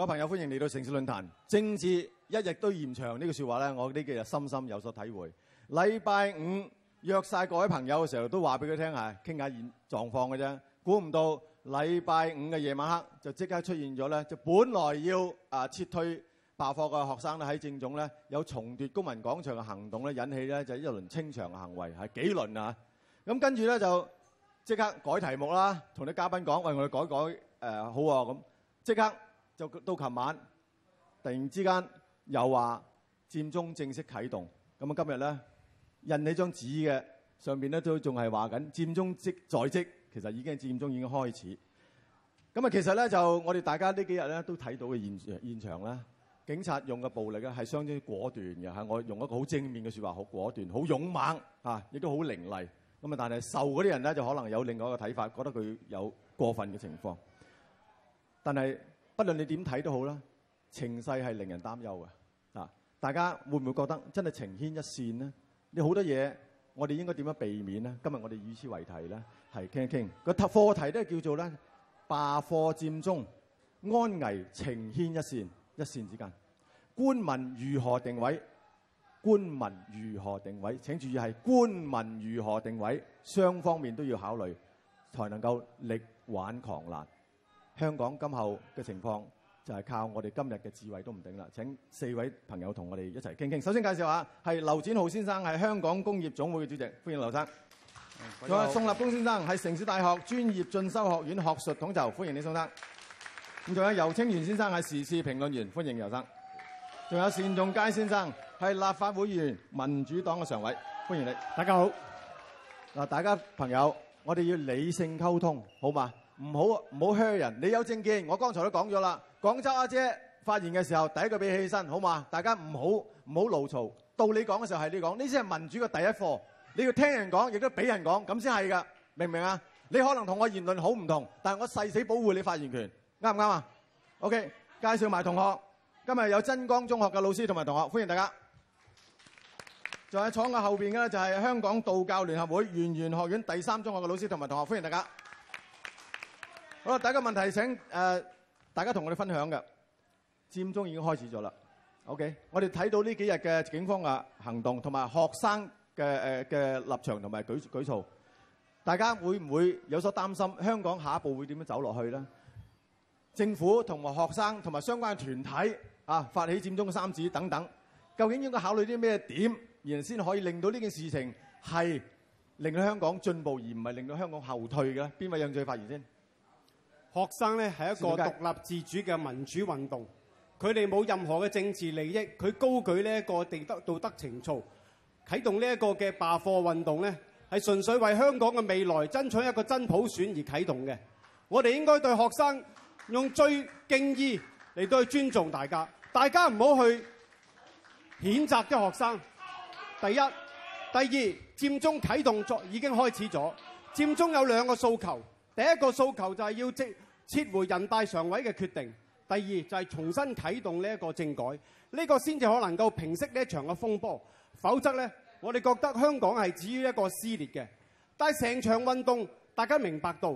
各位朋友，歡迎嚟到城市論壇。政治一日都延長呢句説話咧，我呢幾日深深有所體會。禮拜五約曬各位朋友嘅時候，都話俾佢聽係傾下現狀況嘅啫。估唔到禮拜五嘅夜晚黑就即刻出現咗咧，就本來要啊撤退罷課嘅學生咧，喺政總咧有重奪公民廣場嘅行動咧，引起咧就一輪清場嘅行為係幾輪啊！咁跟住咧就即刻改題目啦，同啲嘉賓講，喂，我哋改改誒好啊咁，即刻。就到琴晚，突然之間又話佔中正式啟動。咁啊，今日咧印起張紙嘅上邊咧都仲係話緊佔中即在即，其實已經係佔中已經開始。咁啊，其實咧就我哋大家幾天呢幾日咧都睇到嘅現現場咧，警察用嘅暴力咧係相當之果斷嘅嚇。我用一個好正面嘅説話，好果斷，好勇猛嚇，亦、啊、都好凌厲。咁啊，但係受嗰啲人咧就可能有另外一個睇法，覺得佢有過分嘅情況。但係。不論你點睇都好啦，情勢係令人擔憂嘅。啊，大家會唔會覺得真係情牽一線呢？你好多嘢，我哋應該點樣避免呢？今日我哋以此為題咧，係傾一傾。個課題都係叫做咧，罷課佔中，安危情牽一線，一線之間，官民如何定位？官民如何定位？請注意係官民如何定位，雙方面都要考慮，才能夠力挽狂瀾。香港今後嘅情況就係靠我哋今日嘅智慧都唔定啦！請四位朋友同我哋一齊傾傾。首先介紹下，係劉展灝先生係香港工業總會嘅主席，歡迎劉生。仲有宋立功先生係城市大學專業進修學院學術統籌，歡迎你宋生。仲有游清源先生係時事評論員，歡迎游生。仲有單仲偕先生係立法會議員、民主黨嘅常委，歡迎你。大家好。嗱，大家朋友，我哋要理性溝通，好嘛？唔好唔好噓人，你有政見。我剛才都講咗啦。廣州阿姐，姐發言嘅時候，第一句俾你起身，好嘛？大家唔好唔好牢嘈。到你講嘅時候係你講，呢啲係民主嘅第一課。你要聽人講，亦都俾人講，咁先係㗎，明唔明啊？你可能同我言論好唔同，但係我誓死保護你發言權，啱唔啱啊？OK，介紹埋同學，今日有真光中學嘅老師同埋同學，歡迎大家。仲喺廠嘅後面嘅咧，就係香港道教聯合會圓玄學院第三中學嘅老師同埋同學，歡迎大家。好啦，第一個問題請誒，大家同我哋分享嘅佔中已經開始咗啦。OK，我哋睇到呢幾日嘅警方嘅行動，同埋學生嘅誒嘅立場同埋舉舉措，大家會唔會有所擔心？香港下一步會點樣走落去咧？政府同埋學生同埋相關嘅團體啊，發起佔中嘅三子等等，究竟應該考慮啲咩點，然後先可以令到呢件事情係令到香港進步，而唔係令到香港後退嘅咧？邊位有最發言先？學生咧係一個獨立自主嘅民主運動，佢哋冇任何嘅政治利益，佢高舉呢一個道德道德情操，啟動呢一個嘅罷課運動咧，係純粹為香港嘅未來爭取一個真普選而啟動嘅。我哋應該對學生用最敬意嚟到去尊重大家，大家唔好去譴責啲學生。第一、第二，佔中啟動作已經開始咗，佔中有兩個訴求。第一個訴求就係要撤撤回人大常委嘅決定；第二就係重新啟動呢一個政改，呢個先至可能夠平息呢場嘅風波。否則呢，我哋覺得香港係至於一個撕裂嘅。但係成場運動，大家明白到，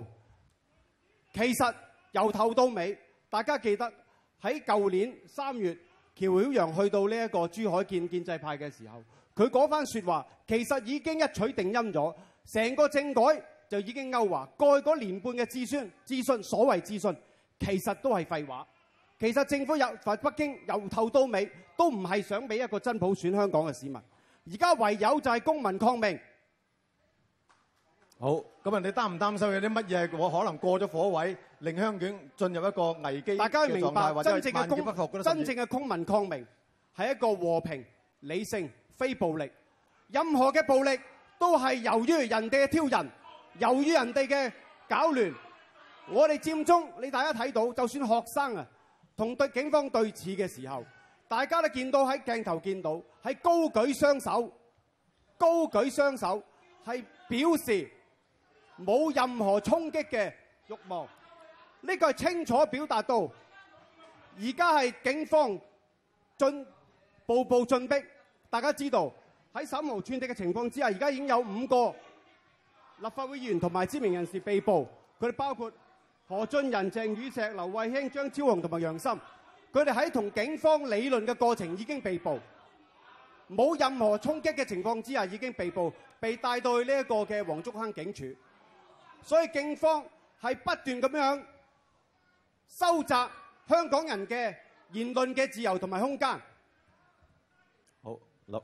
其實由頭到尾，大家記得喺舊年三月，喬曉陽去到呢一個珠海建建制派嘅時候，佢嗰番説話其實已經一取定音咗，成個政改。就已經勾華過去嗰年半嘅諮詢諮詢所謂諮詢，其實都係廢話。其實政府由喺北京由頭到尾都唔係想俾一個真普選香港嘅市民。而家唯有就係公民抗命。好咁啊，你擔唔擔心有啲乜嘢？我可能過咗火位，令香港進入一個危機，大家明白者嘅真正嘅公，公民抗命係一個和平理性非暴力。任何嘅暴力都係由於人哋嘅挑釁。由於人哋嘅搞亂，我哋佔中，你大家睇到，就算學生啊，同對警方對峙嘅時候，大家都見到喺鏡頭見到，係高舉雙手，高舉雙手係表示冇任何衝擊嘅慾望。呢個係清楚表達到。而家係警方進步步進逼，大家知道喺手無寸鐵嘅情況之下，而家已經有五個，立法會議員同埋知名人士被捕，佢哋包括何俊仁、鄭宇碩、劉慧卿、張超雄同埋楊森，佢哋喺同警方理論嘅過程已經被捕，冇任何衝擊嘅情況之下已經被捕，被帶到去呢一個嘅黃竹坑警署。所以警方係不斷咁樣收窄香港人嘅言論嘅自由同埋空間。好，劉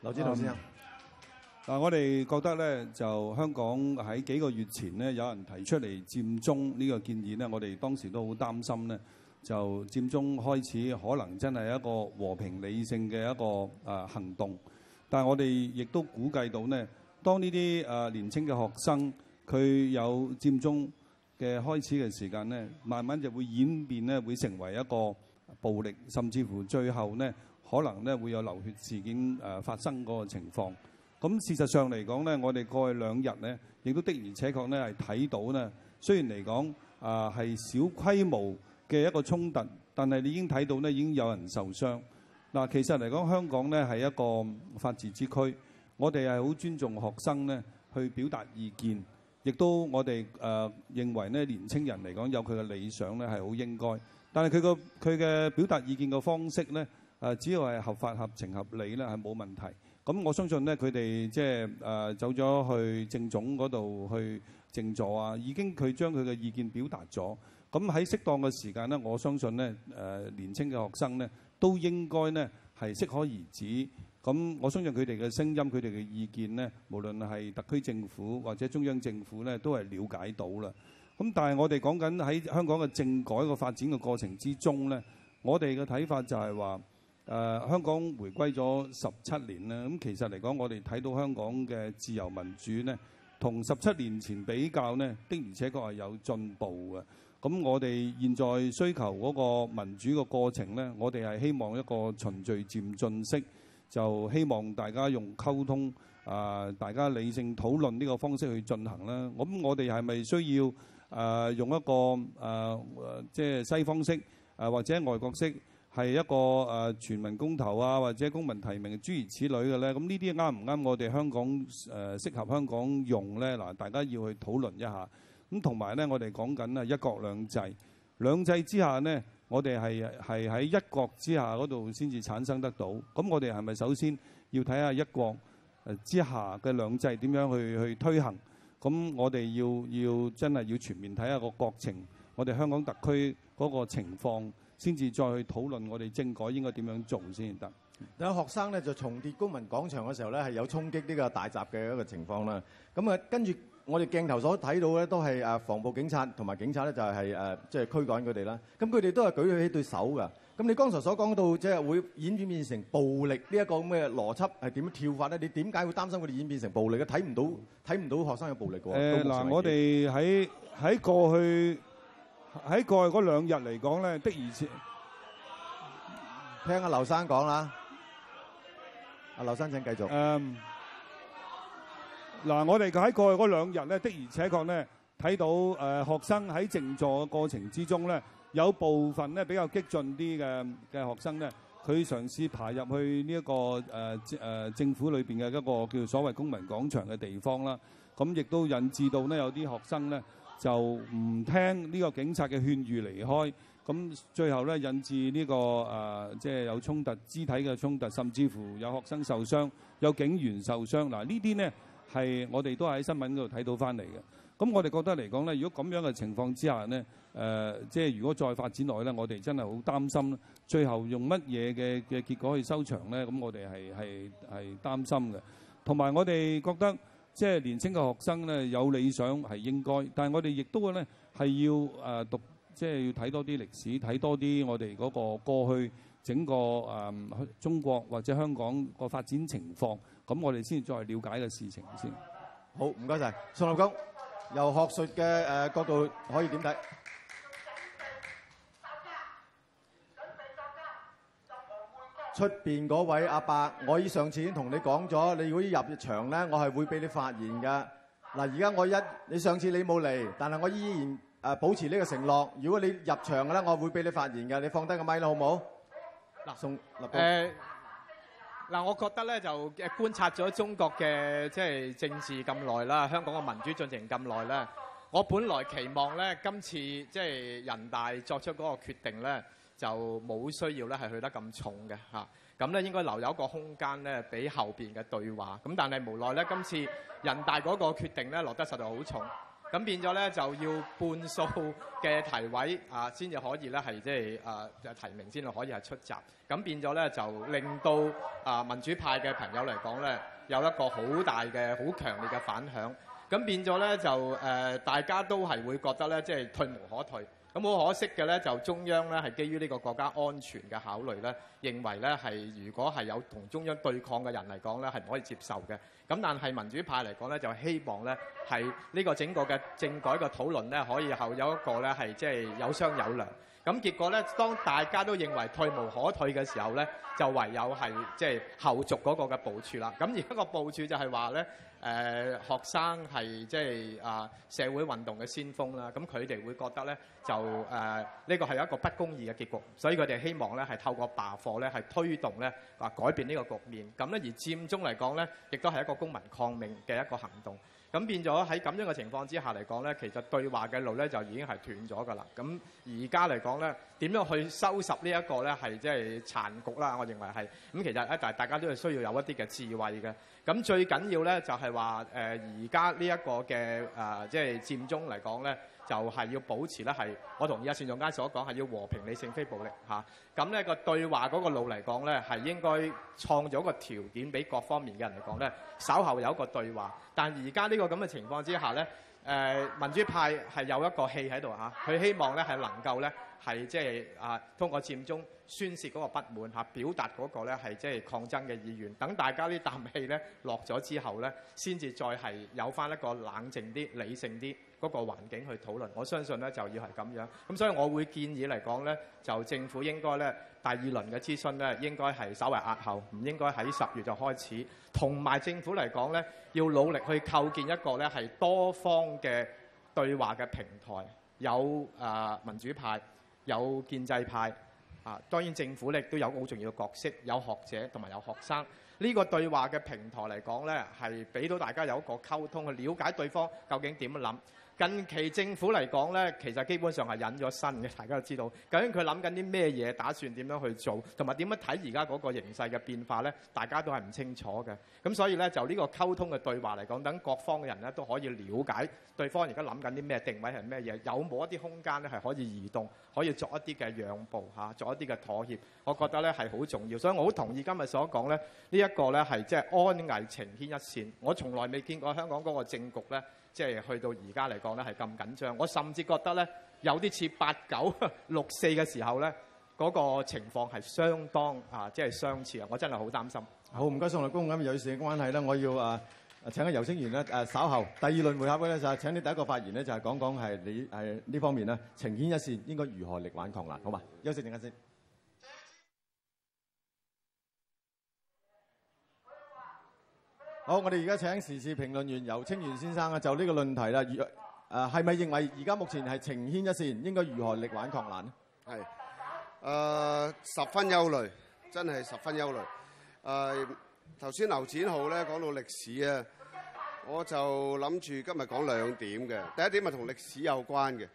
劉展灝先生。Um, 嗱、啊，我哋覺得咧，就香港喺幾個月前咧，有人提出嚟佔中呢個建議咧，我哋當時都好擔心咧，就佔中開始可能真係一個和平理性嘅一個誒、啊、行動。但係我哋亦都估計到呢，當呢啲誒年青嘅學生佢有佔中嘅開始嘅時間咧，慢慢就會演變咧，會成為一個暴力，甚至乎最後咧，可能咧會有流血事件誒、啊、發生嗰個情況。咁事實上嚟講咧，我哋過去兩日咧，亦都的而且確咧係睇到咧，雖然嚟講啊係小規模嘅一個衝突，但係你已經睇到咧，已經有人受傷。嗱，其實嚟講，香港咧係一個法治之區，我哋係好尊重學生咧去表達意見，亦都我哋誒認為咧年青人嚟講有佢嘅理想咧係好應該，但係佢個佢嘅表達意見嘅方式咧誒，只要係合法、合情、合理咧係冇問題。咁我相信呢，佢哋即係誒走咗去政總嗰度去靜坐啊，已經佢將佢嘅意見表達咗。咁喺適當嘅時間呢，我相信呢，誒、呃、年輕嘅學生呢，都應該呢係適可而止。咁我相信佢哋嘅聲音、佢哋嘅意見呢，無論係特區政府或者中央政府呢，都係了解到啦。咁但係我哋講緊喺香港嘅政改個發展嘅過程之中呢，我哋嘅睇法就係話。Uh, 香港回歸咗17係一個、呃、全民公投啊，或者公民提名諸如此類嘅呢。咁呢啲啱唔啱我哋香港誒、呃、適合香港用呢？嗱，大家要去討論一下。咁同埋呢，我哋講緊啊一國兩制，兩制之下呢，我哋係係喺一國之下嗰度先至產生得到。咁我哋係咪首先要睇下一國之下嘅兩制點樣去去推行？咁我哋要要真係要全面睇下個國情，我哋香港特區嗰個情況。先至再去討論我哋政改應該點樣做先得。有學生咧就重奪公民廣場嘅時候咧，係有衝擊呢個大閘嘅一個情況啦。咁啊，跟住我哋鏡頭所睇到咧，都係誒防暴警察同埋警察咧，就係誒即係驅趕佢哋啦。咁佢哋都係舉起雙手㗎。咁你剛才所講到即係會演變成暴力呢一個咁嘅邏輯係點樣跳法咧？你點解會擔心佢哋演變成暴力嘅？睇唔到睇唔到學生嘅暴力過。誒嗱，我哋喺喺過去。喺過去嗰兩日嚟講咧，的而且確，聽阿劉生講啦。阿劉生，請繼續。嗯，嗱，我哋喺過去嗰兩日咧，的而且確咧，睇到誒學生喺靜坐嘅過程之中咧，有部分咧比較激進啲嘅嘅學生咧，佢嘗試爬入去呢一個誒誒政府裏邊嘅一個叫所謂公民廣場嘅地方啦。咁亦都引致到呢，有啲學生咧。就唔聽呢個警察嘅勸喻離開，咁最後呢引致呢個誒，即係有衝突、肢體嘅衝突，甚至乎有學生受傷、有警員受傷。嗱呢啲呢係我哋都喺新聞嗰度睇到返嚟嘅。咁我哋覺得嚟講呢，如果咁樣嘅情況之下呢，誒即係如果再發展落去呢，我哋真係好擔心最後用乜嘢嘅嘅結果去收場呢？咁我哋係係係擔心嘅。同埋我哋覺得。即係年輕嘅學生咧，有理想係應該，但係我哋亦都會咧係要誒讀，即係要睇多啲歷史，睇多啲我哋嗰個過去整個誒中國或者香港個發展情況，咁我哋先再瞭解嘅事情先。好，唔該曬，宋立功由學術嘅誒角度可以點睇？出面嗰位阿伯，我以上次已經同你講咗，你如果入場咧，我係會俾你發言嘅。嗱，而家我一你上次你冇嚟，但係我依然誒保持呢個承諾。如果你入場咧，我會俾你發言嘅。你放低個麥啦，好唔好？嗱、呃，宋立功。嗱、呃呃，我覺得咧就誒觀察咗中國嘅即係政治咁耐啦，香港嘅民主進程咁耐咧，我本來期望咧今次即係、就是、人大作出嗰個決定咧。就冇需要咧，係去得咁重嘅吓。咁咧應該留有一個空間咧，俾後面嘅對話。咁但係無奈咧，今次人大嗰個決定咧落得實在好重，咁變咗咧就要半數嘅提委啊，先至可以咧係即係提名先至可以係出閘。咁變咗咧就令到啊、呃、民主派嘅朋友嚟講咧，有一個好大嘅好強烈嘅反響。咁變咗咧就、呃、大家都係會覺得咧，即、就、係、是、退無可退。咁好可惜嘅咧，就中央咧係基於呢個國家安全嘅考慮咧，認為咧係如果係有同中央對抗嘅人嚟講咧，係唔可以接受嘅。咁但係民主派嚟講咧，就希望咧係呢個整個嘅政改嘅討論咧，可以後有一個咧係即係有商有量。咁結果咧，當大家都認為退無可退嘅時候咧，就唯有係即係後續嗰個嘅部署啦。咁而家個部署就係話咧。誒、呃、學生係即係啊社會運動嘅先鋒啦，咁佢哋會覺得咧就誒呢個係一個不公義嘅結局，所以佢哋希望咧係透過罷課咧係推動咧啊改變呢個局面。咁咧而佔中嚟講咧，亦都係一個公民抗命嘅一個行動，咁變咗喺咁樣嘅情況之下嚟講咧，其實對話嘅路咧就已經係斷咗㗎啦。咁而家嚟講咧，點樣去收拾這呢一個咧係即係殘局啦？我認為係，咁，其實一但大家都係需要有一啲嘅智慧嘅。咁最緊要咧就係話。話誒，而家呢一個嘅誒、呃，即係佔中嚟講咧，就係、是、要保持咧係，我同而家單仲偕所講係要和平理性非暴力嚇。咁、啊、呢、這個對話嗰個路嚟講咧，係應該創造一個條件俾各方面嘅人嚟講咧，稍後有一個對話。但而家呢個咁嘅情況之下咧，誒、呃、民主派係有一個氣喺度嚇，佢、啊、希望咧係能夠咧。係即係啊，通過佔中宣泄嗰個不滿嚇、啊，表達嗰個咧係即係抗爭嘅意願。等大家啲啖氣咧落咗之後咧，先至再係有翻一個冷靜啲、理性啲嗰個環境去討論。我相信咧就要係咁樣。咁所以我會建議嚟講咧，就政府應該咧第二輪嘅諮詢咧，應該係稍為押後，唔應該喺十月就開始。同埋政府嚟講咧，要努力去構建一個咧係多方嘅對話嘅平台，有啊、呃、民主派。有建制派，啊，當然政府亦都有好重要嘅角色，有學者同埋有學生。呢個對話嘅平台嚟講咧，係俾到大家有一個溝通，去了解對方究竟點樣諗。近期政府嚟講咧，其實基本上係隱咗身嘅，大家都知道究竟佢諗緊啲咩嘢，打算點樣去做，同埋點樣睇而家嗰個形勢嘅變化咧，大家都係唔清楚嘅。咁所以咧，就呢個溝通嘅對話嚟講，等各方嘅人咧都可以了解對方而家諗緊啲咩定位，係咩嘢，有冇一啲空間咧係可以移動，可以作一啲嘅讓步吓作一啲嘅妥協，我覺得咧係好重要，所以我好同意今日所講咧呢一個咧係即係安危情牽一線，我從來未見過香港嗰個政局咧，即係去到而家嚟講咧係咁緊張。我甚至覺得咧有啲似八九六四嘅時候咧，嗰個情況係相當啊，即係相似啊！我真係好擔心。好，唔該曬宋立功咁有啲事關係咧，我要呃請阿游清源咧誒稍後第二輪回合嘅咧就係請你第一個發言咧就係講講係你係呢方面啦，情牽一線應該如何力挽狂瀾，好嘛？休息陣間先。好，我哋而家請時事評論員游清源先生啊，就呢個論題啦。誒，係咪認為而家目前係情牽一線，應該如何力挽狂瀾咧？係誒，十分憂慮，真係十分憂慮。誒，頭先劉展灝咧講到歷史啊，我就諗住今日講兩點嘅。第一點係同歷史有關嘅。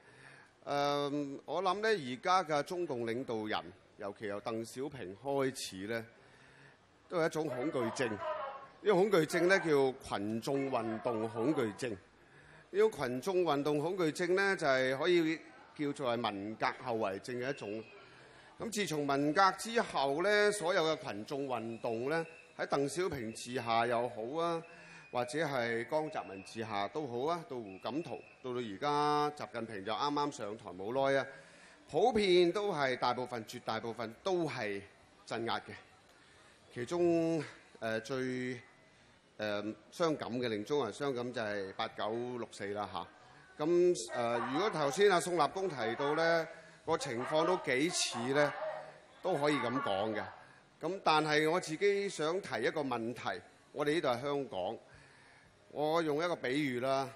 誒，我諗咧，而家嘅中共領導人，尤其由鄧小平開始咧，都係一種恐懼症。這個、懼呢種恐懼症咧叫群眾運動恐懼症。呢種群眾運動恐懼症咧就係、是、可以叫做係文革後遺症嘅一種。咁自從文革之後咧，所有嘅群眾運動咧，喺鄧小平治下又好啊，或者係江澤民治下都好啊，到胡錦濤，到到而家習近平就啱啱上台冇耐啊，普遍都係大部分絕大部分都係鎮壓嘅。其中誒、呃、最誒傷感嘅，令中人傷感就係八九六四啦嚇。咁誒，如果頭先啊宋立功提到咧，個情況都幾似咧，都可以咁講嘅。咁但係我自己想提一個問題，我哋呢度係香港，我用一個比喻啦。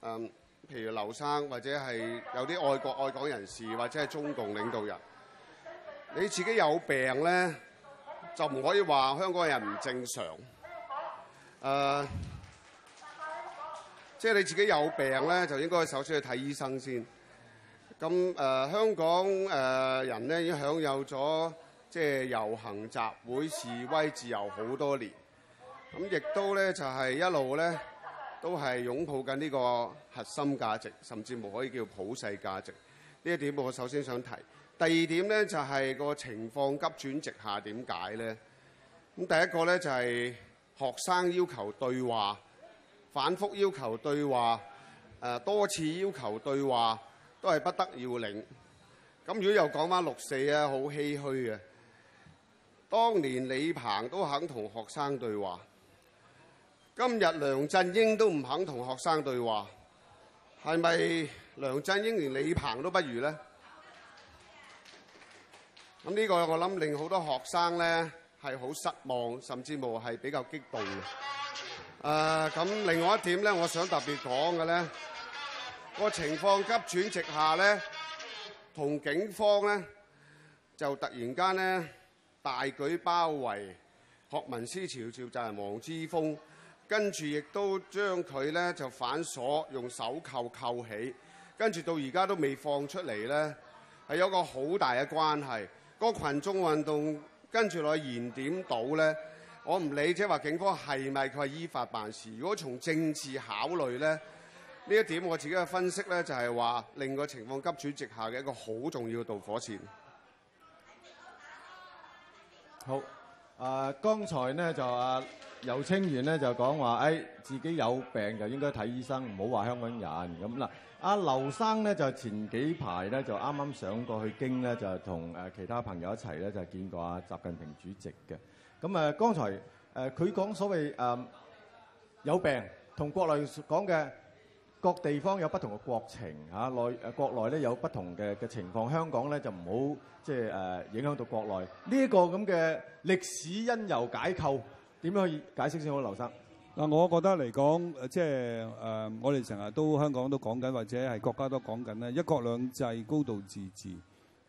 誒，譬如劉生或者係有啲愛國愛港人士或者係中共領導人，你自己有病咧，就唔可以話香港人唔正常。誒，即係你自己有病咧，就應該首先去睇醫生先。咁誒、呃，香港誒、呃、人咧已經享有咗即係遊行集會示威自由好多年。咁亦都咧就係、是、一路咧都係擁抱緊呢個核心價值，甚至乎可以叫普世價值。呢一點我首先想提。第二點咧就係、是、個情況急轉直下，點解咧？咁第一個咧就係、是。學生要求對話，反覆要求對話，誒多次要求對話，都係不得要領。咁如果又講返六四啊，好唏噓嘅。當年李鵬都肯同學生對話，今日梁振英都唔肯同學生對話，係咪梁振英連李鵬都不如咧？咁呢個我諗令好多學生咧。係好失望，甚至乎係比較激動嘅。誒，咁另外一點咧，我想特別講嘅咧，個情況急轉直下咧，同警方咧就突然間咧大舉包圍，學民思潮潮就係黃之鋒，跟住亦都將佢咧就反鎖，用手扣扣起，跟住到而家都未放出嚟咧，係有個好大嘅關係，個群眾運動。跟住落去燃點到咧，我唔理即係話警方係咪佢係依法辦事。如果從政治考慮咧，呢一點我自己嘅分析咧就係話令個情況急轉直下嘅一個好重要嘅導火線。好，誒、呃，剛才咧就誒。呃游清源咧就講話誒，自己有病就應該睇醫生，唔好話香港人咁啦。阿劉生咧就前幾排咧就啱啱上過去京咧，就同誒其他朋友一齊咧就見過阿習近平主席嘅。咁啊，剛才誒佢講所謂誒、嗯、有病，同國內講嘅各地方有不同嘅國情嚇內誒國內咧有不同嘅嘅情況，香港咧就唔好即係誒影響到國內呢一、呢個咁嘅歷史因由解構。點樣可以解釋先好，劉生？嗱，我覺得嚟講，即係誒，我哋成日都香港都講緊，或者係國家都講緊咧，一國兩制、高度自治。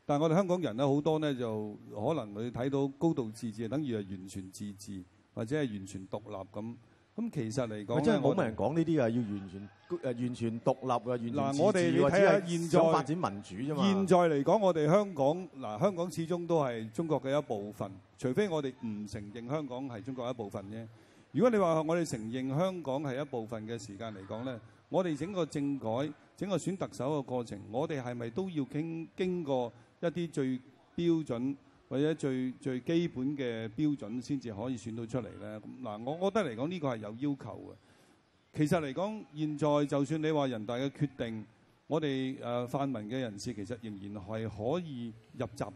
但係我哋香港人咧，好多咧就可能你睇到高度自治，等於係完全自治，或者係完全獨立咁。咁其實嚟講，真係冇乜人講呢啲㗎，要完全誒完全獨立啊，完全自治啊，嗱，我哋要睇下，只係想發展民主啫嘛。現在嚟講，我哋香港嗱，香港始終都係中國嘅一部分，除非我哋唔承認香港係中國一部分啫。如果你話我哋承認香港係一部分嘅時間嚟講咧，我哋整個政改、整個選特首嘅過程，我哋係咪都要經經過一啲最標準？或者最最基本嘅標準先至可以選到出嚟咧。嗱，我覺得嚟講呢個係有要求嘅。其實嚟講，現在就算你話人大嘅決定，我哋誒、呃、泛民嘅人士其實仍然係可以入閘，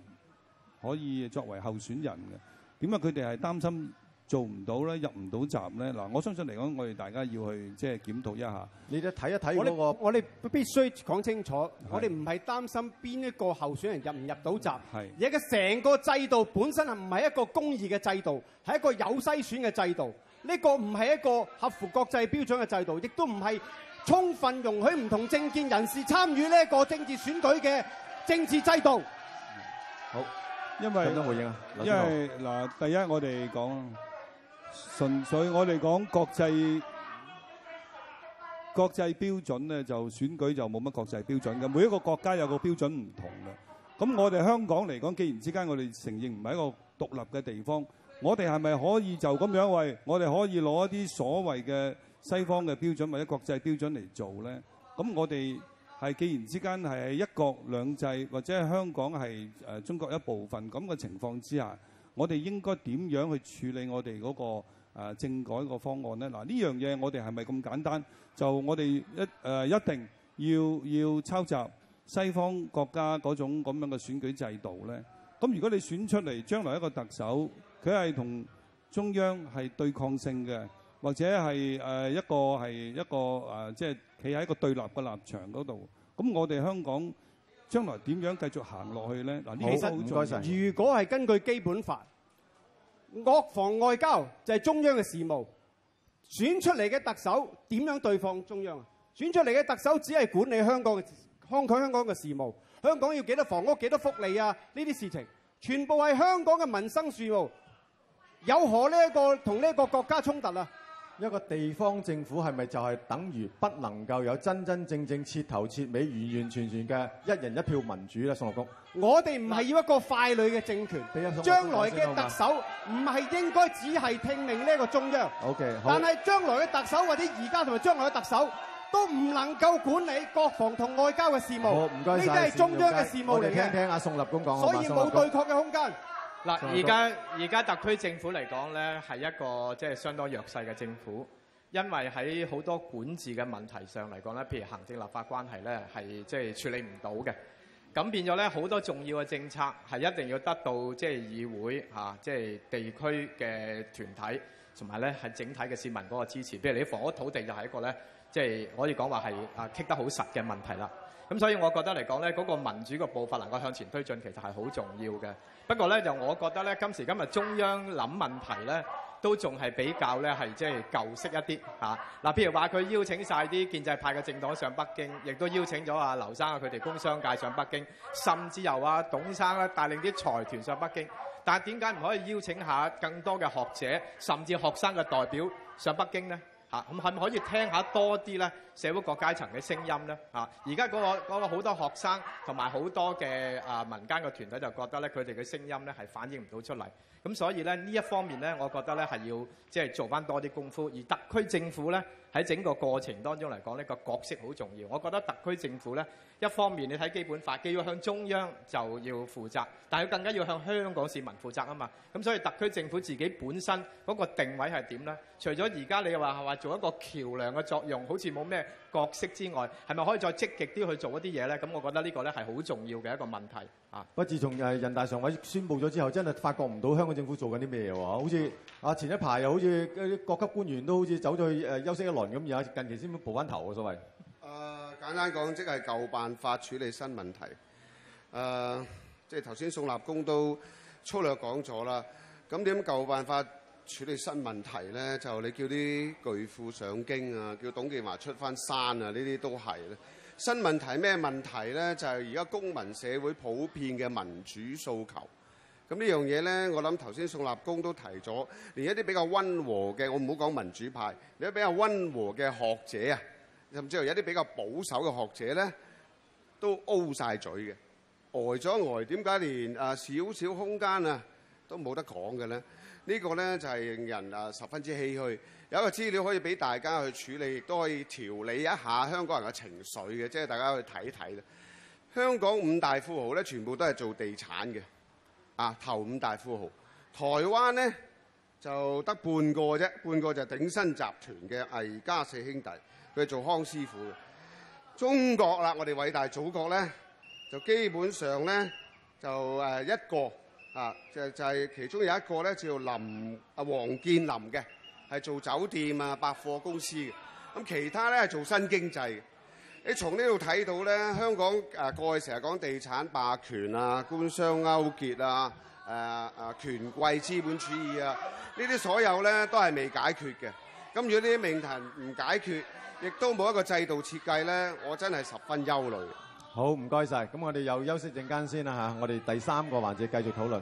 可以作為候選人嘅。點解佢哋係擔心？做唔到咧，入唔到閘咧，嗱，我相信嚟講，我哋大家要去即係檢討一下。你都睇一睇嗰個，我哋必須講清楚，我哋唔係擔心邊一個候選人入唔入到閘。而家成個制度本身係唔係一個公義嘅制度，係一個有篩選嘅制度。呢個唔係一個合乎國際標準嘅制度，亦都唔係充分容許唔同政見人士參與呢一個政治選舉嘅政治制度。好，因為點樣回應啊？因為嗱，第一我哋講。純粹我哋講國際國際標準呢，就選舉就冇乜國際標準嘅，每一個國家有個標準唔同嘅。咁我哋香港嚟講，既然之間我哋承認唔係一個獨立嘅地方，我哋係咪可以就咁樣喂？我哋可以攞一啲所謂嘅西方嘅標準或者國際標準嚟做呢？咁我哋係既然之間係喺一國兩制，或者香港係誒中國一部分咁嘅情況之下。我哋應該點樣去處理我哋嗰、那個、啊、政改個方案呢？嗱、啊，呢樣嘢我哋係咪咁簡單？就我哋一誒、啊、一定要要抄襲西方國家嗰種咁樣嘅選舉制度呢？咁如果你選出嚟將來一個特首，佢係同中央係對抗性嘅，或者係誒、啊、一個係一個誒，即係企喺一個對立嘅立場嗰度，咁我哋香港。將來點樣繼續行落去咧？嗱，呢其實如果係根據基本法，國防外交就係中央嘅事務，選出嚟嘅特首點樣對抗中央啊？選出嚟嘅特首只係管理香港嘅康強香港嘅事務，香港要幾多房屋、幾多福利啊？呢啲事情全部係香港嘅民生事務，有何呢、這、一個同呢一個國家衝突啊？一個地方政府係咪就係等於不能夠有真真正正徹頭徹尾、完完全全嘅一人一票民主咧？宋立功，我哋唔係要一個傀儡嘅政權，將來嘅特首唔係應該只係聽命呢個中央。O K，但係將來嘅特首或者而家同埋將來嘅特首都唔能夠管理國防同外交嘅事務。好，唔該曬。呢啲係中央嘅事務嚟嘅。我哋聽聽阿宋立功講。所以冇對抗嘅空間。嗱，而家而家特區政府嚟講咧，係一個即係相當弱勢嘅政府，因為喺好多管治嘅問題上嚟講咧，譬如行政立法關係咧，係即係處理唔到嘅，咁變咗咧，好多重要嘅政策係一定要得到即係議會嚇，即係地區嘅團體同埋咧係整體嘅市民嗰個支持。譬如你啲房屋土地就係一個咧，即係可以講話係啊，棘得好實嘅問題啦。咁所以我覺得嚟講咧，嗰個民主嘅步伐能夠向前推進其實，係好重要嘅。不過咧，就我覺得咧，今時今日中央諗問題咧，都仲係比較咧係即係舊式一啲吓。嗱，譬如話，佢邀請晒啲建制派嘅政黨上北京，亦都邀請咗啊劉生啊佢哋工商界上北京，甚至由啊董生咧帶領啲財團上北京。但係點解唔可以邀請下更多嘅學者，甚至學生嘅代表上北京呢？嚇、啊，咁係咪可以聽下多啲咧社會各階層嘅聲音咧？嚇、啊，而家嗰個嗰、嗰個好多學生同埋好多嘅啊民間嘅團體就覺得咧，佢哋嘅聲音咧係反映唔到出嚟。咁所以咧呢一方面咧，我覺得咧係要即係、就是、做翻多啲功夫。而特區政府咧喺整個過程當中嚟講呢、呢個角色好重要。我覺得特區政府咧一方面你睇基本法，既要向中央就要負責，但係佢更加要向香港市民負責啊嘛。咁所以特區政府自己本身嗰個定位係點咧？除咗而家你話係話做一個橋梁嘅作用，好似冇咩。角色之外，係咪可以再積極啲去做一啲嘢咧？咁我覺得呢個咧係好重要嘅一個問題啊！不過自從誒人大常委宣布咗之後，真係發覺唔到香港政府做緊啲咩喎？好似啊前一排又好似嗰啲各級官員都好似走咗去誒休息一輪咁樣，近期先蒲翻頭嘅、啊、所謂。誒、呃、簡單講，即係舊辦法處理新問題。誒即係頭先宋立功都粗略講咗啦。咁點舊辦法？處理新問題咧，就你叫啲巨富上京啊，叫董建華出翻山啊，呢啲都係咧、啊。新問題咩問題咧？就係而家公民社會普遍嘅民主訴求。咁呢樣嘢咧，我諗頭先宋立功都提咗，連一啲比較温和嘅，我唔好講民主派，你都比較温和嘅學者啊，甚至乎有啲比較保守嘅學者咧，都 O 晒嘴嘅，呆咗呆，點解連啊少少空間啊都冇得講嘅咧？這個、呢個咧就係、是、令人啊十分之唏噓，有一個資料可以俾大家去處理，亦都可以調理一下香港人嘅情緒嘅，即係大家去睇一睇啦。香港五大富豪咧，全部都係做地產嘅。啊頭五大富豪，台灣咧就得半個啫，半個就頂新集團嘅魏家四兄弟，佢係做康師傅嘅。中國啦，我哋偉大祖國咧，就基本上咧就誒一個。啊，就就係其中有一個咧，叫林啊王建林嘅，係做酒店啊、百貨公司嘅。咁其他咧係做新經濟嘅。你從這裡看呢度睇到咧，香港誒、啊、過去成日講地產霸權啊、官商勾結啊、誒、啊、誒權貴資本主義啊，呢啲所有咧都係未解決嘅。咁如果呢啲命題唔解決，亦都冇一個制度設計咧，我真係十分憂慮。好，唔該晒。咁我哋又休息陣間先啦嚇。我哋第三個環節繼續討論。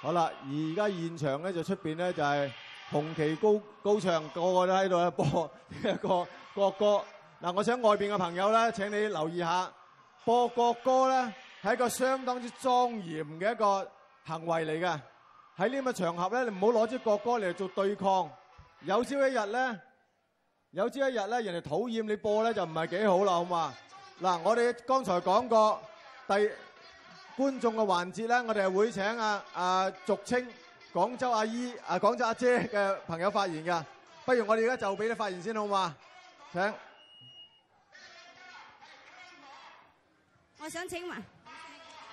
好啦，而家現，現場咧就出邊咧就係紅旗高高唱，個個都喺度咧播一個國歌。嗱，我想外邊嘅朋友咧，請你留意下，播國歌咧係一個相當之莊嚴嘅一個行為嚟嘅。喺呢個場合咧，你唔好攞支國歌嚟做對抗。有朝一日咧，有朝一日咧，人哋討厭你播咧，就唔係幾好啦，好嘛？嗱、啊，我哋剛才講過第觀眾嘅環節咧，我哋係會請啊啊俗稱廣州阿姨啊廣州阿姐嘅朋友發言㗎，不如我哋而家就俾你發言先好嘛？請，我想請埋。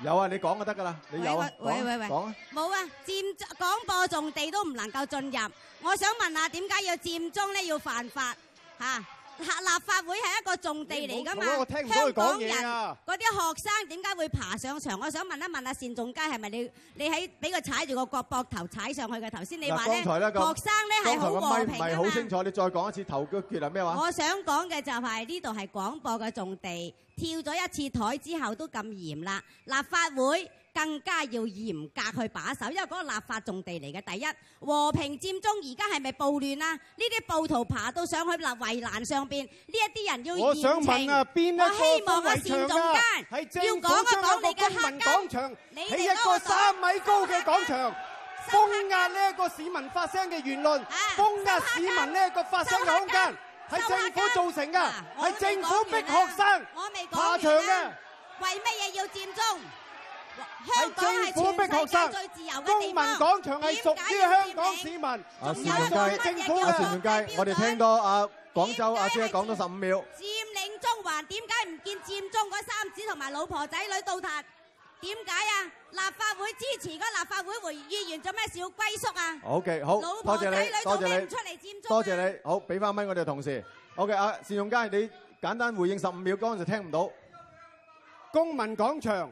有啊，你講就得噶啦，你喂講講，冇啊，佔廣、啊啊、播重地都唔能夠進入。我想問下，點解要佔中咧？要犯法吓。啊立法會係一個重地嚟㗎嘛，我聽，香港人嗰啲學生點解會爬上場？我想問一問阿、啊、單仲偕，係咪你你喺俾佢踩住個腳膊頭踩上去嘅頭先？你話咧學生咧係、那個、和平啊！唔係好清楚，你再講一次頭結，頭腳腳係咩話？我想講嘅就係呢度係廣播嘅重地，跳咗一次台之後都咁嚴啦，立法會。更加要嚴格去把守，因為嗰個立法重地嚟嘅。第一，和平佔中而家係咪暴亂啊？呢啲暴徒爬到上去立圍欄上邊，呢一啲人要嚴懲。我想問啊，邊一個防線啊？係政府將公民廣場起一個三米高嘅廣場，封壓呢一個市民發聲嘅言論，封壓市民呢一個發聲嘅空間，係政府造成㗎，係政府逼學生爬牆嘅。為乜嘢要佔中？香港係全世界最自由嘅地方，點解要佔領？有冇政府代表講？佔領中環，點解唔見佔中嗰三子同埋老婆仔女到達？點解啊？立法會支持個立法會會議員做咩小歸宿啊？好嘅，好，多謝你，多謝你。多謝你，好，俾翻咪我哋同事。好嘅，阿單仲偕，你簡單回應十五秒，剛才聽唔到。公民廣場。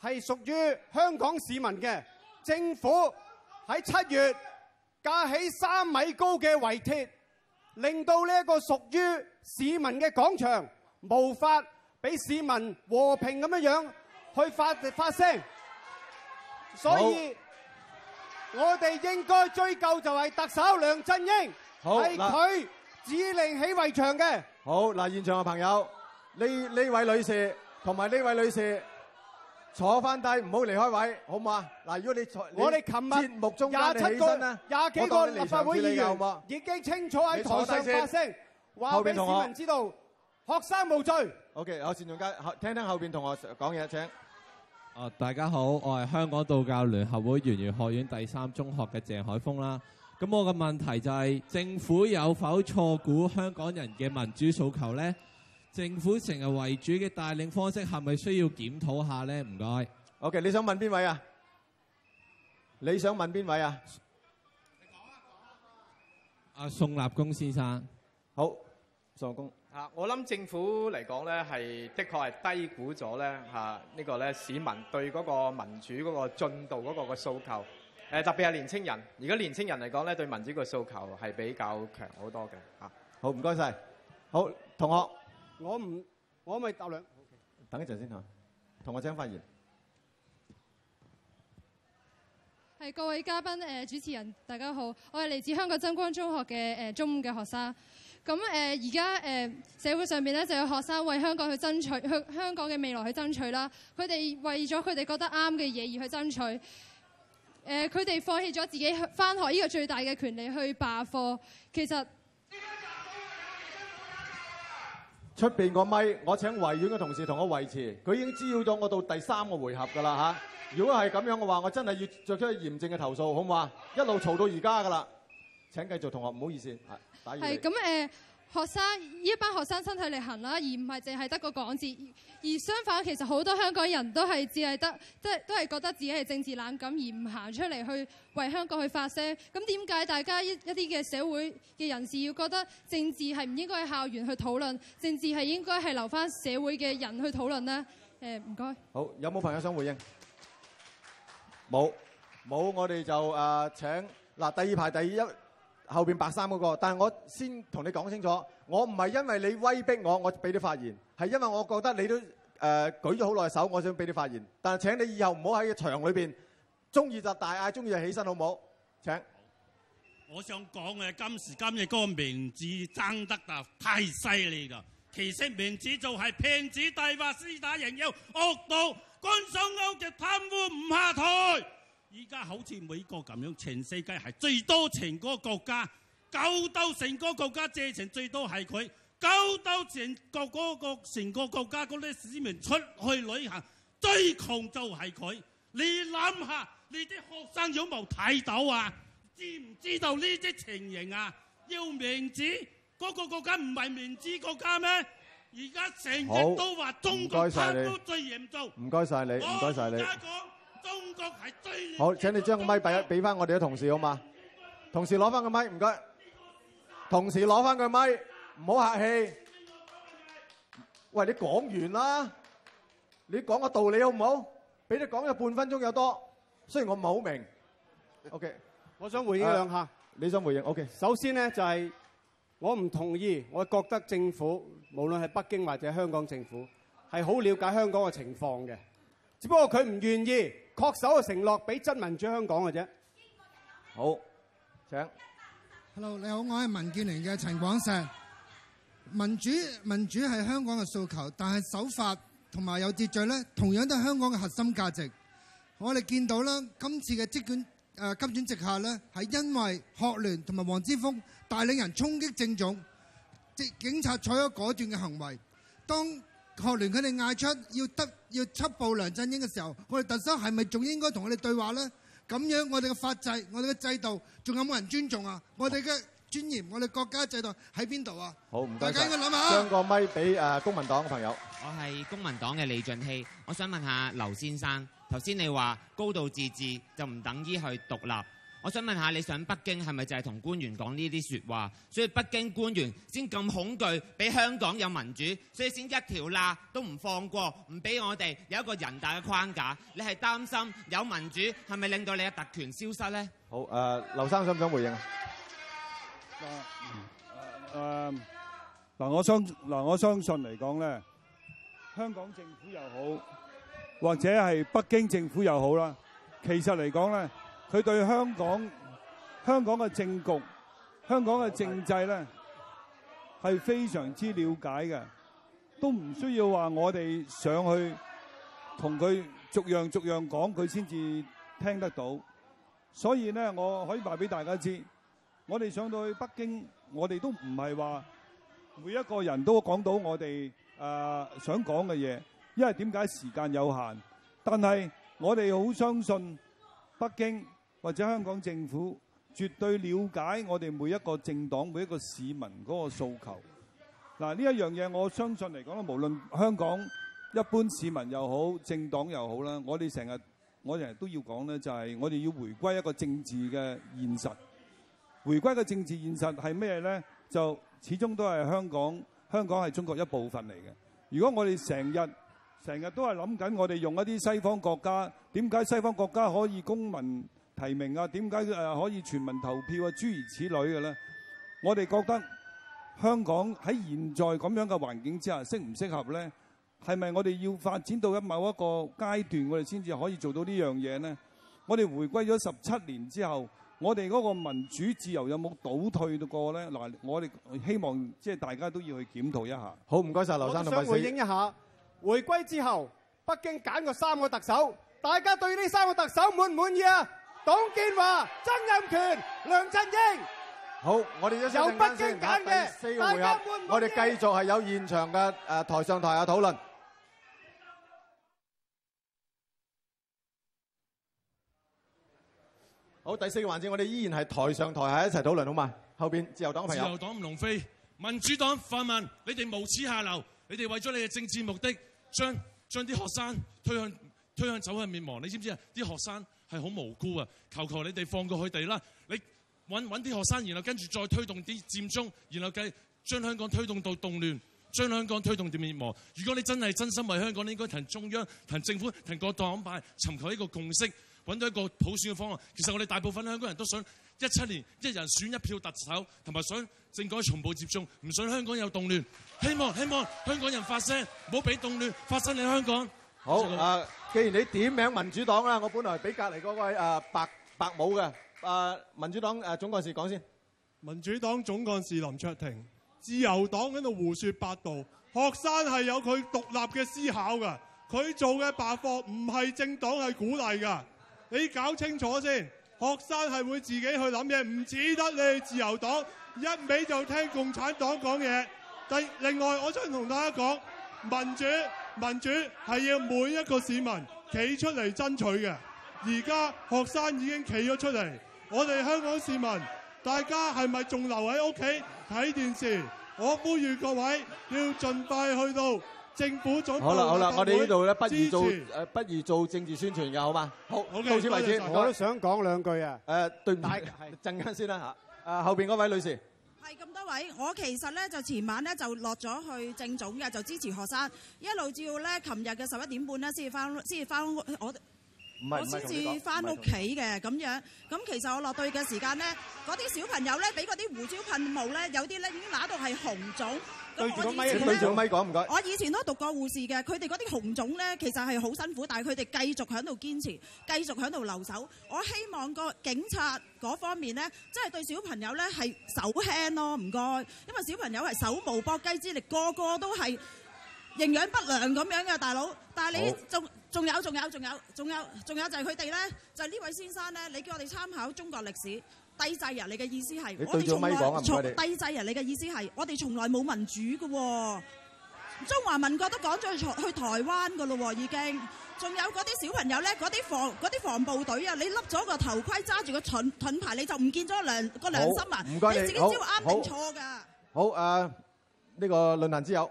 係屬於香港市民嘅政府，喺七月架起三米高嘅圍鐵，令到呢一個屬於市民嘅廣場無法俾市民和平咁樣樣去發發聲。所以我哋應該追究就係特首梁振英，係佢指令起圍牆嘅。好嗱，現場嘅朋友，呢呢位女士同埋呢位女士。坐翻低，唔好離開位，好嘛？嗱，如果你坐，我哋琴日節目中廿七個、廿幾個立法會議員已經清楚喺台上發聲，話俾市民知道學生無罪。好嘅，我先中間，聽聽後邊同學講嘢。請，啊，大家好，我係香港道教聯合會圓玄學院第三中學嘅鄭海峰啦。咁我嘅問題就係、是，政府有否錯估香港人嘅民主訴求咧？政府成日為主嘅帶領方式係咪需要檢討下咧？唔該。OK，你想問邊位啊？你想問邊位啊？你講啊！宋立功先生，好，宋立功。啊，我諗政府嚟講咧，係的確係低估咗咧嚇呢個咧市民對嗰個民主嗰個進度嗰個嘅訴求，誒特別係年青人。如果年青人嚟講咧，對民主嘅訴求係比較強好多嘅嚇。好，唔該晒，好，同學。我唔，我可唔可以答兩。Okay. 等一陣先吓，同我請發言。係各位嘉賓誒、呃，主持人，大家好，我係嚟自香港真光中學嘅誒、呃、中五嘅學生。咁誒而家誒社會上面咧就是，有學生為香港去爭取，去香港嘅未來去爭取啦。佢哋為咗佢哋覺得啱嘅嘢而去爭取。誒、呃，佢哋放棄咗自己翻學呢個最大嘅權利去罷課，其實。出邊個咪我請維園嘅同事同我維持，佢已經滋擾咗我到第三個回合㗎啦吓，如果係咁樣嘅話，我真係要作出嚴正嘅投訴，好唔好啊？一路嘈到而家㗎啦！請繼續同學，唔好意思，係咁誒。學生呢一班學生身體力行啦，而唔係淨係得個講字。而相反，其實好多香港人都係只係得都係都係覺得自己係政治冷感，而唔行出嚟去為香港去發聲。咁點解大家一一啲嘅社會嘅人士要覺得政治係唔應該喺校園去討論，政治係應該係留翻社會嘅人去討論呢？誒，唔該。好，有冇朋友想回應？冇，冇，我哋就誒、啊、請。嗱、啊、第二排第一。後面白衫嗰個，但係我先同你講清楚，我唔係因為你威逼我，我俾你發言，係因為我覺得你都誒舉咗好耐手，我想俾你發言。但係請你以後唔好喺個場裏邊，中意就大嗌，中意就起身，好唔好？請。我想講嘅今時今日個名字爭得大，太犀利㗎。其實名字就係騙子大話師，打人妖，惡毒官商勾結，貪污唔下台。而家好似美國咁樣，全世界係最多成個國家，搞到成個國家借錢最多係佢，搞到成個嗰成個國家嗰啲市民出去旅行最窮就係佢。你諗下，你啲學生有冇睇到啊？知唔知道呢啲情形啊？要面子，嗰、那個國家唔係面子國家咩？而家成日都話中國貪污最嚴重，唔該晒你，唔該曬你。好，請你將個咪第一俾翻我哋嘅同事好嘛？同事攞翻個咪，唔該。同事攞翻個咪，唔好客氣。喂，你講完啦，你講個道理好唔好？俾你講咗半分鐘有多，雖然我唔係好明。O K，我想回應兩下。你想回應？O K，首先咧就係我唔同意，我覺得政府無論係北京或者香港政府，係好了解香港嘅情況嘅。只不過佢唔願意確守個承諾，俾真民主香港嘅啫。好，請。Hello，你好，我係民建聯嘅陳廣石。民主，民主係香港嘅訴求，但係守法同埋有秩序咧，同樣都係香港嘅核心價值。我哋見到啦，今次嘅即管誒急轉直下咧，係因為學聯同埋黃之鋒帶領人衝擊政總，即警察採取果斷嘅行為。當學聯佢哋嗌出要得要緝捕梁振英嘅時候，我哋特首係咪仲應該同佢哋對話咧？咁樣我哋嘅法制、我哋嘅制度仲有冇人尊重啊？我哋嘅尊嚴、我哋國家制度喺邊度啊？好，唔該。大家應該諗下。將個咪俾誒公民黨嘅朋友。我係公民黨嘅李俊熙，我想問下劉先生，頭先你話高度自治就唔等於去獨立。我想問下你上北京係咪就係同官員講呢啲説話，所以北京官員先咁恐懼，俾香港有民主，所以先一條罅都唔放過，唔俾我哋有一個人大嘅框架。你係擔心有民主係咪令到你嘅特權消失咧？好，誒，劉生想唔想回應啊？嗱，誒，嗱，我相，嗱，我相信嚟講咧，香港政府又好，或者係北京政府又好啦，其實嚟講咧。佢對香港、香港嘅政局、香港嘅政制咧係非常之了解嘅，都唔需要話我哋上去同佢逐樣逐樣講，佢先至聽得到。所以咧，我可以話俾大家知，我哋上到去北京，我哋都唔係話每一個人都講到我哋誒、呃、想講嘅嘢，因為點解時間有限。但係我哋好相信北京。或者香港政府絕對了解我哋每一個政黨每一個市民嗰個訴求。嗱，呢一樣嘢，我相信嚟講無論香港一般市民又好，政黨又好啦，我哋成日我成日都要講咧，就係我哋要回歸一個政治嘅現實。回歸嘅政治現實係咩咧？就始終都係香港，香港係中國一部分嚟嘅。如果我哋成日成日都係諗緊，我哋用一啲西方國家點解西方國家可以公民提名啊？點解誒可以全民投票啊？諸如此類嘅咧，我哋覺得香港喺現在咁樣嘅環境之下，適唔適合咧？係咪我哋要發展到一某一個階段，我哋先至可以做到呢樣嘢咧？我哋回歸咗十七年之後，我哋嗰個民主自由有冇倒退到過咧？嗱，我哋希望即係大家都要去檢討一下。好，唔該晒劉生，同我想回應一下，回歸之後，北京揀過三個特首，大家對呢三個特首滿唔滿意啊？董建華、曾蔭權、梁振英，好，我哋有北京翻嘅，第四回合，滿滿我哋繼續係有現場嘅誒、呃、台上台下討論。好，第四環節，我哋依然係台上台下一齊討論，好嘛？後邊自由黨朋友，自由黨伍龍飛、民主黨泛民，你哋無恥下流，你哋為咗你嘅政治目的，將將啲學生推向推向走向滅亡，你知唔知啊？啲學生。係好無辜啊！求求你哋放過佢哋啦！你搵搵啲學生，然後跟住再推動啲佔中，然後計將香港推動到動亂，將香港推動到滅亡。如果你真係真心為香港，你應該同中央、同政府、同個黨派尋求一個共識，搵到一個普選嘅方案。其實我哋大部分香港人都想一七年一人選一票特首，同埋想政改重步接觸，唔想香港有動亂。希望希望香港人發聲，唔好俾動亂發生喺香港。好，呃，既然你點名民主黨，民主係要每一個市民企出嚟爭取嘅。而家學生已經企咗出嚟，我哋香港市民，大家係咪仲留喺屋企睇電視？我呼籲各位要盡快去到政府總部嘅集會支持。好啦，好啦，我哋呢度。誒，不如做政治宣傳嘅，好嗎？好，到此為止，我都想講兩句啊。誒，對唔住，陣間先啦嚇。誒，後邊嗰位女士。係咁多位，我其實咧就前晚咧就落咗去政總嘅，就支持學生一路至到咧，琴日嘅十一點半咧先至翻，先至翻我。我先至返屋企嘅咁樣，咁其實我落隊嘅時間咧，嗰啲小朋友咧，俾嗰啲胡椒噴霧咧，有啲咧已經攞到係紅腫。對住咪，對住咪講，唔該。我以前都讀過護士嘅，佢哋嗰啲紅腫咧，其實係好辛苦，但係佢哋繼續喺度堅持，繼續喺度留守。我希望個警察嗰方面咧，即係對小朋友咧係手輕咯，唔該，因為小朋友係手無縛雞之力，個個都係營養不良咁樣嘅大佬，但係你仲仲有，仲有，仲有，仲有，仲有就係佢哋咧，就呢、係、位先生咧，你叫我哋參考中國歷史帝制人、啊，你嘅意思係我哋從來從帝制人、啊，你嘅意思係我哋從來冇民主嘅喎、哦，中華民國都講咗去台去台灣嘅咯喎已經。仲有嗰啲小朋友咧，嗰啲防嗰啲防暴隊啊，你笠咗個頭盔揸住個盾盾牌，你就唔見咗良個良、那個、心啊你！你自己知啱定錯㗎？好啊，呢、uh, 個論壇之友。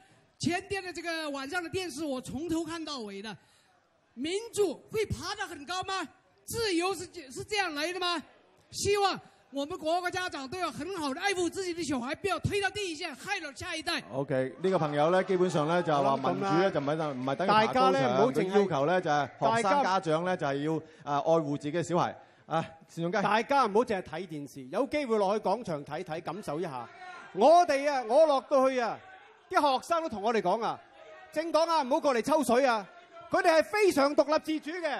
前天的這個晚上的電視，我從頭看到尾的。民主會爬得很高嗎？自由是是這樣來的嗎？希望我們國國家長都要很好的愛護自己的小孩，不要推到第一線，害了下一代。OK，呢個朋友呢，基本上呢，就係話民主呢，就唔係等於。大家呢，唔好淨要求呢，就係、是、學生家,家長呢，就係、是、要啊、呃、愛護自己嘅小孩啊。單仲偕，大家唔好淨係睇電視，有機會落去廣場睇睇，感受一下。我哋啊，我落到、啊、去啊。啲學生都同我哋講啊，政黨啊，唔好過嚟抽水啊！佢哋係非常獨立自主嘅，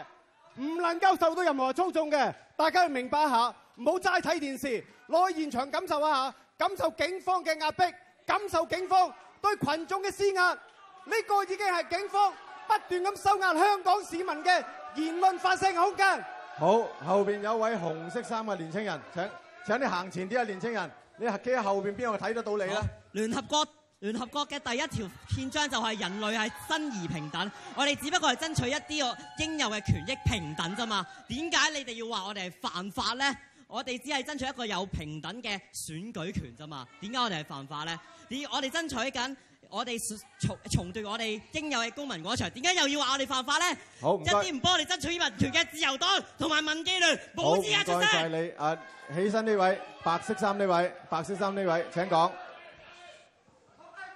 唔能夠受到任何操縱嘅。大家要明白下，唔好齋睇電視，攞去現場感受一下，感受警方嘅壓迫，感受警方對羣眾嘅施壓。呢個已經係警方不斷咁收壓香港市民嘅言論發聲空間。好，後邊有位紅色衫嘅年青人，請請你行前啲啊，年青人，你企喺後邊，邊個睇得到你咧？聯合國。聯合國嘅第一條憲章就係人類係生而平等，我哋只不過係爭取一啲我應有嘅權益平等咋嘛？點解你哋要話我哋係犯法咧？我哋只係爭取一個有平等嘅選舉權咋嘛？點解我哋係犯法咧？啲我哋爭取緊，我哋重重奪我哋應有嘅公民廣場，點解又要話我哋犯法咧？好，一啲唔幫我哋爭取民權嘅自由黨同埋民建聯，唔好依家出聲。好，唔該曬你。啊，起身呢位白色衫呢位，白色衫呢位，白色衫呢位，白色衫呢位請講。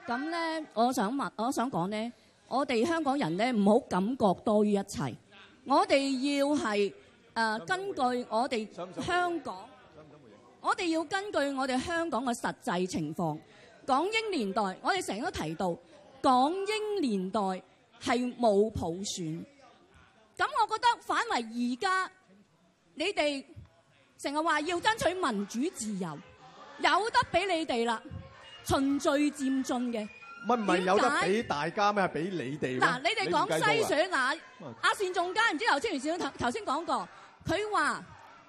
咁咧，我想問，我想講咧，我哋香港人咧，唔好感覺多於一切。我哋要係誒、呃、根據我哋香港，想不想不，我哋要根據我哋香港嘅實際情況。港英年代，我哋成日都提到港英年代係冇普選。咁我覺得反為而家，你哋成日話要爭取民主自由，有得俾你哋啦。循序漸進嘅，點解？有得俾大家咩？俾你哋啦。嗱，你哋講篩選，那單仲偕，唔知劉清源先生頭頭先講過，佢話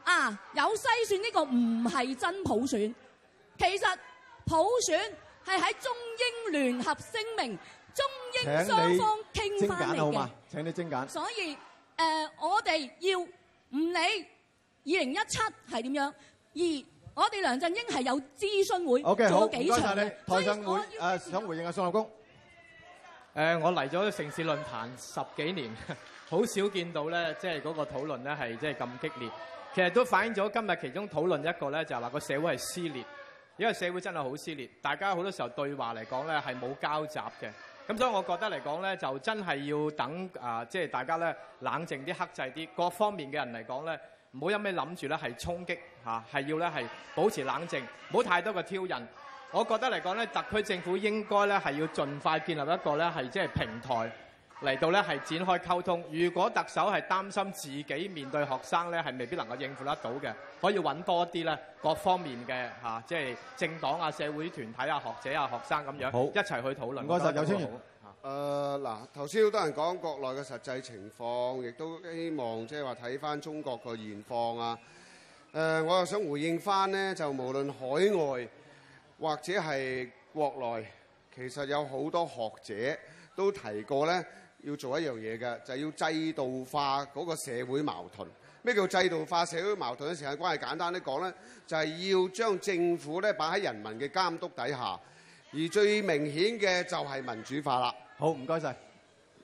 啊，有篩選呢個唔係真普選，其實普選係喺中英聯合聲明，中英雙方傾翻嚟嘅。精簡好嘛？請你精簡。所以誒，我哋要唔理二零一七係點樣，而。我哋梁振英係有諮詢會，okay, 做咗幾場。謝謝台上回我、呃、想回應下、啊、宋立功。呃、我嚟咗城市論壇十幾年，好少見到咧，即係嗰個討論咧係即係咁激烈。其實都反映咗今日其中討論一個咧，就係話個社會係撕裂，因為社會真係好撕裂。大家好多時候對話嚟講咧係冇交集嘅。咁所以我覺得嚟講咧，就真係要等啊，即、呃、係、即係、大家咧冷靜啲、克制啲，各方面嘅人嚟講咧，唔好有咩諗住咧係衝擊。嚇、啊、係要咧係保持冷靜，唔好太多嘅挑釁。我覺得嚟講咧，特區政府應該咧係要盡快建立一個咧係即係平台嚟到咧係展開溝通。如果特首係擔心自己面對學生咧係未必能夠應付得到嘅，可以揾多啲咧各方面嘅嚇、啊、即係政黨啊、社會團體啊、學者啊、學生，咁樣好一齊去討論。唔該曬，有請。誒、呃、嗱，頭先好多人講國內嘅實際情況，亦都希望即係話睇翻中國個現況啊。呃、我又想回應翻咧，就無論海外或者係國內，其實有好多學者都提過咧，要做一樣嘢嘅，就係要制度化嗰個社會矛盾。咩叫制度化社會矛盾咧？時間關係簡單啲講咧，就係、是、要將政府咧擺喺人民嘅監督底下，而最明顯嘅就係民主化啦。好，唔該晒，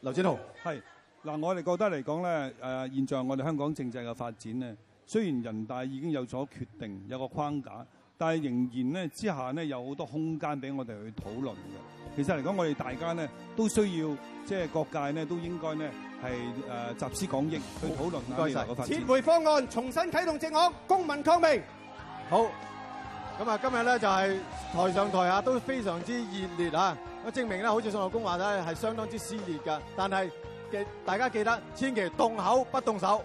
劉展灝。係嗱，我哋覺得嚟講咧，誒、呃、現在我哋香港政制嘅發展咧。雖然人大已經有咗決定，有個框架，但係仍然咧之下咧有好多空間俾我哋去討論嘅。其實嚟講，我哋大家咧都需要，即係各界咧都應該咧係誒集思廣益去討論啊！撤回方案，重新啟動政改公民抗命。好，咁啊，今日咧就係台上台下都非常之熱烈啊！咁證明咧，好似宋立功話咧係相當之撕裂嘅。但係記大家記得，千祈動口不動手。